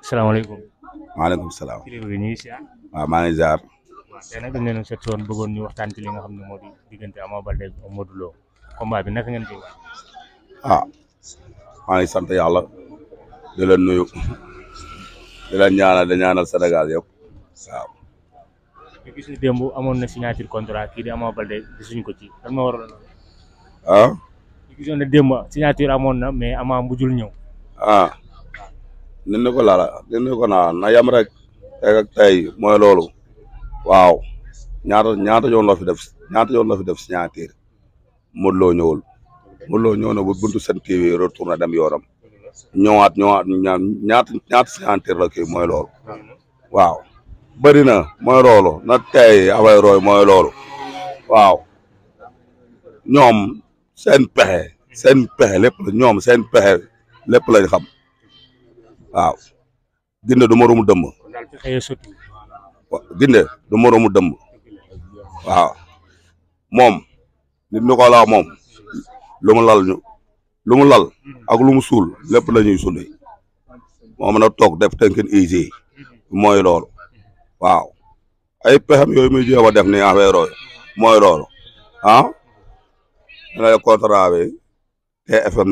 salaamaaleykum. maaleykum salaam. kilifa gi ñu ngi ziar. waaw maa ngi ziar. waaw tey nag dañ leen a seet bëggoon ñu waxtaan ci li nga xam ne moo di diggante Ama Baldé ak bi naka ngeen koy ah, maa ngi sant yàlla di leen nuyu di leen ñaanal di ñaanal Sénégal yëpp waaw. ñu gis ni démb amoon na signature contrat kii di Ama Baldé ci lan ma waroon ah. ñu amoon mais Ama mujjul ñëw. ah. nin ko laala nin ko naa na yam rek tey ak tey mooy loolu waaw ñaata ñaata yoon la fi def ñaata yoon la fi def signature Modou Lo ñëwul Modou Lo ñëw na bu buntu Sen TV retourné dem yoonam ñëwaat ñëwaat ñaata ñaata signature la kii mooy loolu waaw bëri na mooy loolu na tey abay roy mooy loolu waaw ñoom seen pexe seen pexe lépp la ñoom seen pexe lépp lañ xam waaw ginde du moroomu dëmb ginde du moroomu dëmb waaw moom nit ñu ko la moom lu mu lal ak lu mu suul lépp la ñuy sundi moo mën a toog def tënkin easy mooy loolu waaw ay pexam yooyu muy jéem a def ni affaire yooyu mooy loolu ah ñu lay contrat bi TFM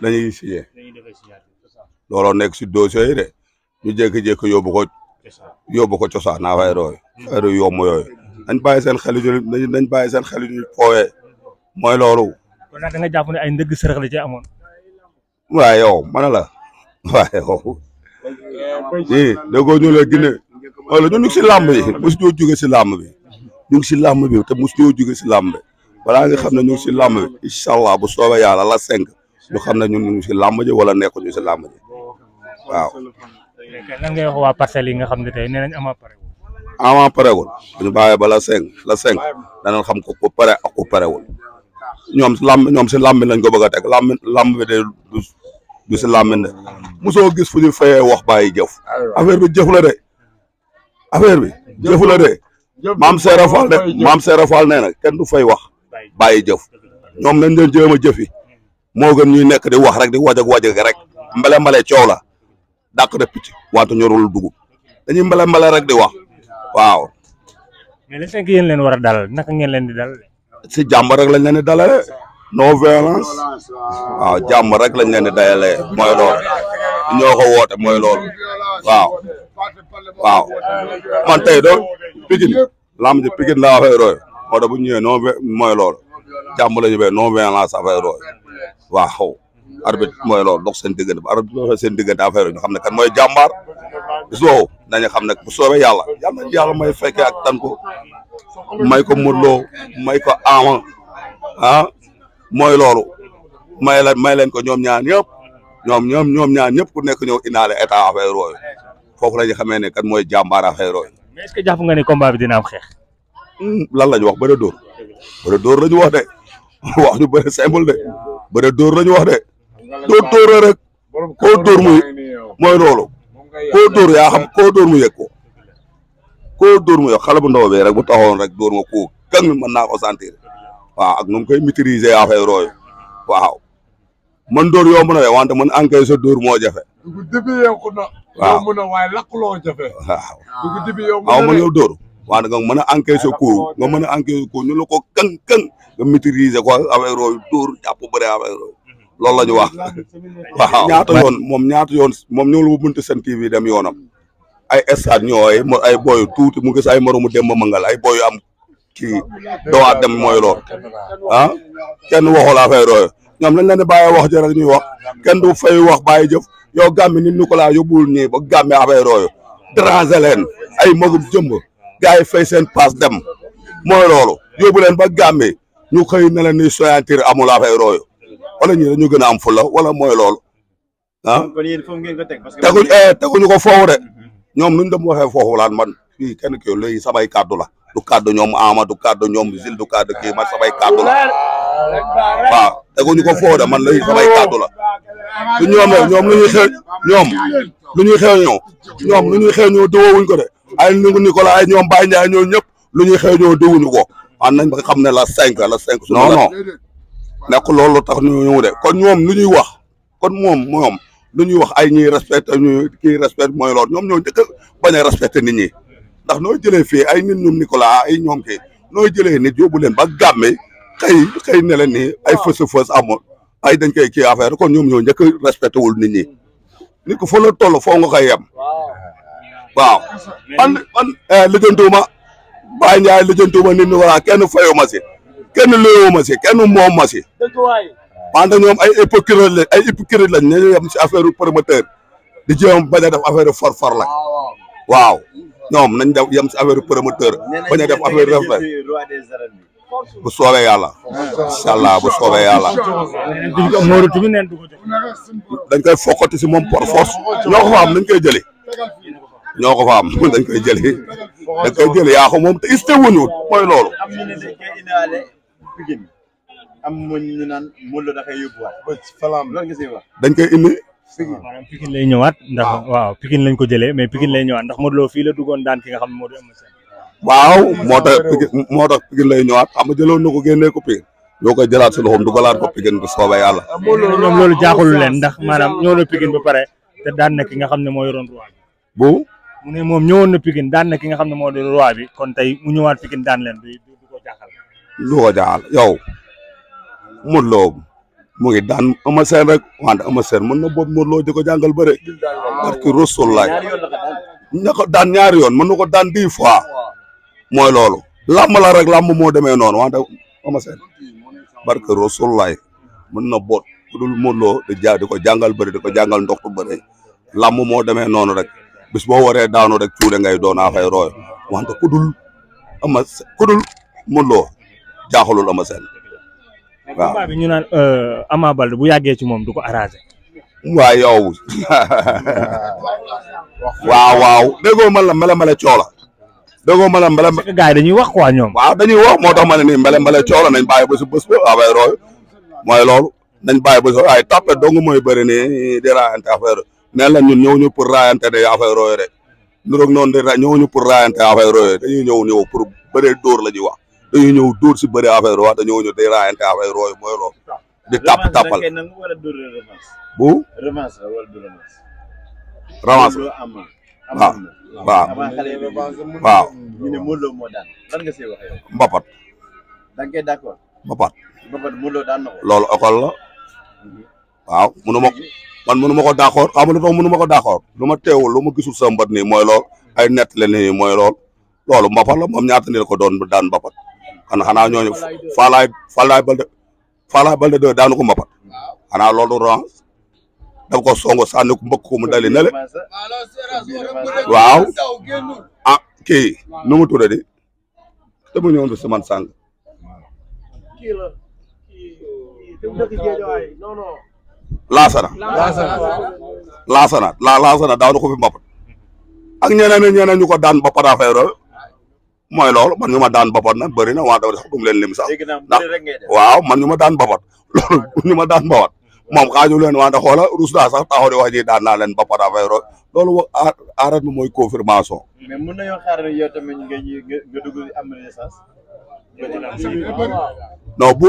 la ñuy signé looloo nekk si dossier yi de ñu jékki-jékki yóbbu ko yóbbu ko cosaan naa fay rooy affaire yu yomb yooyu mm-hmm. nañ seen xel yu ñu nañ bàyyi seen mooy loolu. kon nag da nga jàpp ne ay ndëgg sërëx la ci amoon. waaye yow ma ne la waaye yow ñii si oh, làmb yi mosu si làmb bi ñu si làmb bi te mosu ñoo jóge si làmb bi balaa nga xam ne ñu si làmb bi incha allah bu soobee yàlla la cinq ñu xam ne ñun ñu si làmb ji wala nekkuñu si làmb ji waaw. yi nga xam ne tey nee nañ ama parewul. ama parewul bu ñu la cinq la xam ko ku pare ak ku parewul ñoom si làmb ñoom si làmb lañ ko bëgg a teg làmb làmb de du du si làmb gis fu ñu fayee wax bàyyi jëf affaire bi jëf la de affaire bi jëf la de maam Seera Fall de maam Seera kenn du fay wax bàyyi jëf ñoom nañ leen jéem a jëfi mo gën ñuy nekk di wax rek di wajag wajag rek mbale mbale ciow la dakk de picc waatu ñorul dugub dañuy mbale mbale rek di wax waaw. mais li fekk yeen leen wara dal nak ngeen leen di dal si jamm rek lañ leen di dalé no violence waaw jamm rek lañ leen di dalé moy lool ñoo ko woote mooy loolu waaw waaw man tay do pigin lam ji pigin la fay roy moo bu ñëwee no moy lool jamm lañu ñu no violence affaire roy waa xaw arbitre mooy loolu dox seen diggante ba arbitre seen diggante affaire ñu ne kan mooy jàmbaar bis boobu nañu xam nag bu soobee yàlla yàlla yàlla may fekkee ak tan ko may ko Modou Lo may ko Ama ah mooy loolu may la may leen ko ñoom ñaar ñëpp ñoom ñoom ñoom ñaan ñëpp ku nekk ñëw indaale état affaire yooyu foofu la ñu xamee ne kan mooy jàmbaar affaire yooyu. mais est-ce que jàpp nga ne combat bi dina am xeex. Hmm, la ñu wax bëre dóor bëre de wax ñu bëre simple de. bëre dóor la ñu wax de doo dóora rek koo dóor muy mooy loolu koo dóor yaa xam koo dóor mu yëg ko koo dóor mu yëg xale bu rek bu taxawoon rek dóor ma koo gang mën naa ko sentir waaw ak nu mu koy maîtriser affaire yooyu waaw man dóor yomb na de wante man encaissé sa dóor moo jafe. dugub dibi yomb na. waaw waaw na nga mën a encaisser ko nga mën a encaisser ko ñu la ko kën kën nga maîtriser ko affaire yooyu dóor mhm. loolu la ñu wax waaw ñaata yoon moom ñaata yoon moom ñoo la buntu seen TV dem yoonam ay stade ñooy ay boyu tuuti mu gis ay moromu dem ba mangal ay boyu am kii dowaat dem mooy lool ah kenn waxul affaire ñoom lañ leen di bàyyi wax jërëk ñuy wax kenn du fay wax bàyyi jëf yow gàmmi ni ñu ko laa yóbbul ñii ba gàmmi affaire yooyu ay magum jëmb gars yi fay seen paas dem mooy loolu yóbbu leen ba gàmmee ñu xëy na leen ni soyantir amul affaire yooyu wala ñu dañu gën a am fula wala mooy loolu ah. kon yéen foofu ngeen ko teg parce que. teguñu eh, teguñu ko foofu de ñoom nuñ dem waxee foofu laan man fii kenn ki léegi samay kàddu la du kàddu ñoom Ama du kàddu ñoom Zil du kàddu kii man samay kàddu la waaw ah, ko foofu de man léegi samay kàddu la du ñoom ñoom lu ñuy ñoom lu ñuy xew ñoo ñoom lu ko de. ay Ndungu Nicolas ay ñoom Baye Ndiaye ñoo ñëpp lu ñuy xew ñoo dégguñu ko am nañ ba xam ne la cinq la cinq. non non nekk loolu tax ñu ñëw de kon ñoom lu ñuy wax kon moom moom lu ñuy wax ay ñuy respecté ñu kii respecté mooy loolu ñoom ñoo njëkk bañ a respecté nit ñi ndax nooy jëlee fii ay nit ñoom Nicolas ay ñoom kii nooy jëlee nit yóbbu leen ba gàmme xëy xëy ne leen nii ay fës fës amul ay dañ koy kii affaire kon ñoom ñoo njëkk respecté wul nit ñi nit ko fa la toll foo nga koy yem waaw man man eh, lijjantuwuma Baye Ndiaye lijjantuwuma nit ñi wala kenn fayuma kenn luyuma kenn moom ma si wante ñoom ay hypocrite lañ ay hypocrite lañ ñu yem si affaire promoteur di jéem bañ def affaire forfor la ah, waaw ñoom nañ def yem si affaire promoteur bañ a def affaire ref la bu soobee yàlla incha allah bu soobee yàlla dañ koy fokkati si moom par force ñoo ko fa am nañ koy jëlee ñoo ko fa am dañ koy jëli dañ koy jëli yaa ko moom te iste wuñuut mooy loolu. am ñu ne dañ koy indaale Pikine am ñu naan Modou Lo da koy yóbbuwaat. salaam loolu nga siy wax. dañ koy indi. maanaam Pikine lay ñëwaat. ndax waaw Pikine lañ ko jëlee mais Pikine lay ñëwaat ndax Modou Lo fii la duggoon daan ki nga xam ne moo di am. waaw moo tax moo tax Pikine lay xam nga jëloon na ko génnee ko Pikine. ñoo koy jëlaat si loxoom dugalaat ko Pikine bu soobee yàlla. Ah, ñoom loolu jaaxul leen ndax maanaam ñoo na Pikine ba pare te daan na ki nga xam ne moo yoroon bu mu ne moom ñëwoon na Pikine daan na ki nga xamne mo do di roi bi kon tay mu ñëwaat Pikine daan leen du ko jaxal lu ko jaxal yow mu Lo mu ngi daan ama Sène rek wante ama Sène mën na bob Modou Lo di jangal bare barki rasul que Rasulullah na ko daan ñaari yoon mën na ko daan dix fois moy lolu làmb la rek làmb mo deme non wante ama Sène barki rasul Rasulullah mën na boot dul mo Lo di ja diko jangal bare, diko di ko bare ndoxtu mo deme non rek bis bo waree daano rek cuure ngay doon fay roy wante kudul ama kudul mënuloo jaaxalul ama sen waaw combat bi ñu naan euh, Ama Baldé bu yagge ci mom duko ko arrangé waa yow waaw waaw dego ma la mala mbele coola déggoo ma la gaay dañuy wax quoi ñom waaw dañuy wax mo tax ma ni mala mala ciola nañ baye bëss bëss ba roy moy loolu nañ baye bëss ay tapé dong mooy bëri nii di raante affaire neen la ñun ñëwuñu pour raayante ne affaire yooyu rek lu rek noonu de ñëwuñu pour raayante affaire yooyu dañuy ñëw ñëw pour bëree la ñuy wax dañuy ñëw dóor si bëree affaire wax dañoo ñëw di raayante affaire yooyu mooy loolu. di tàpp tàppal bu revanche la wala du revanche. revanche la waaw waaw waaw. ñu Mbapat. da nga koy d'accord. Mbapat. waaw mënu ma man mënu ma ko d'accord waaw mënu mënu ma lu ma teewul lu ma gisul sa mbët nii mooy lool ay nett la nii lool loolu mbapat la moom ñaata la ko doon daan mbapat xana xanaa ñooñu faalaay faalaay balde faalaay doo daanu ko mbapat xanaa loolu range daf ko songo sànni ko mbëkk ko mu dali nale waaw ah kii nu mu tudde bi saman sàng laasana laasana la laasana daaw na ko fi mbapat ak ñeneen ñeneen ñu ko daan mbapat affaire mooy loolu man ñu ma daan mbapat na bëri na waa dama sax dum leen lim sax ndax waaw man ñu ma daan mbapat loolu ñu ma daan mbapat moom xaaju leen wante xoola rus naa sax taxaw di wax ji daan naa leen mbapat a loolu wax aarat mi mooy confirmation mais bu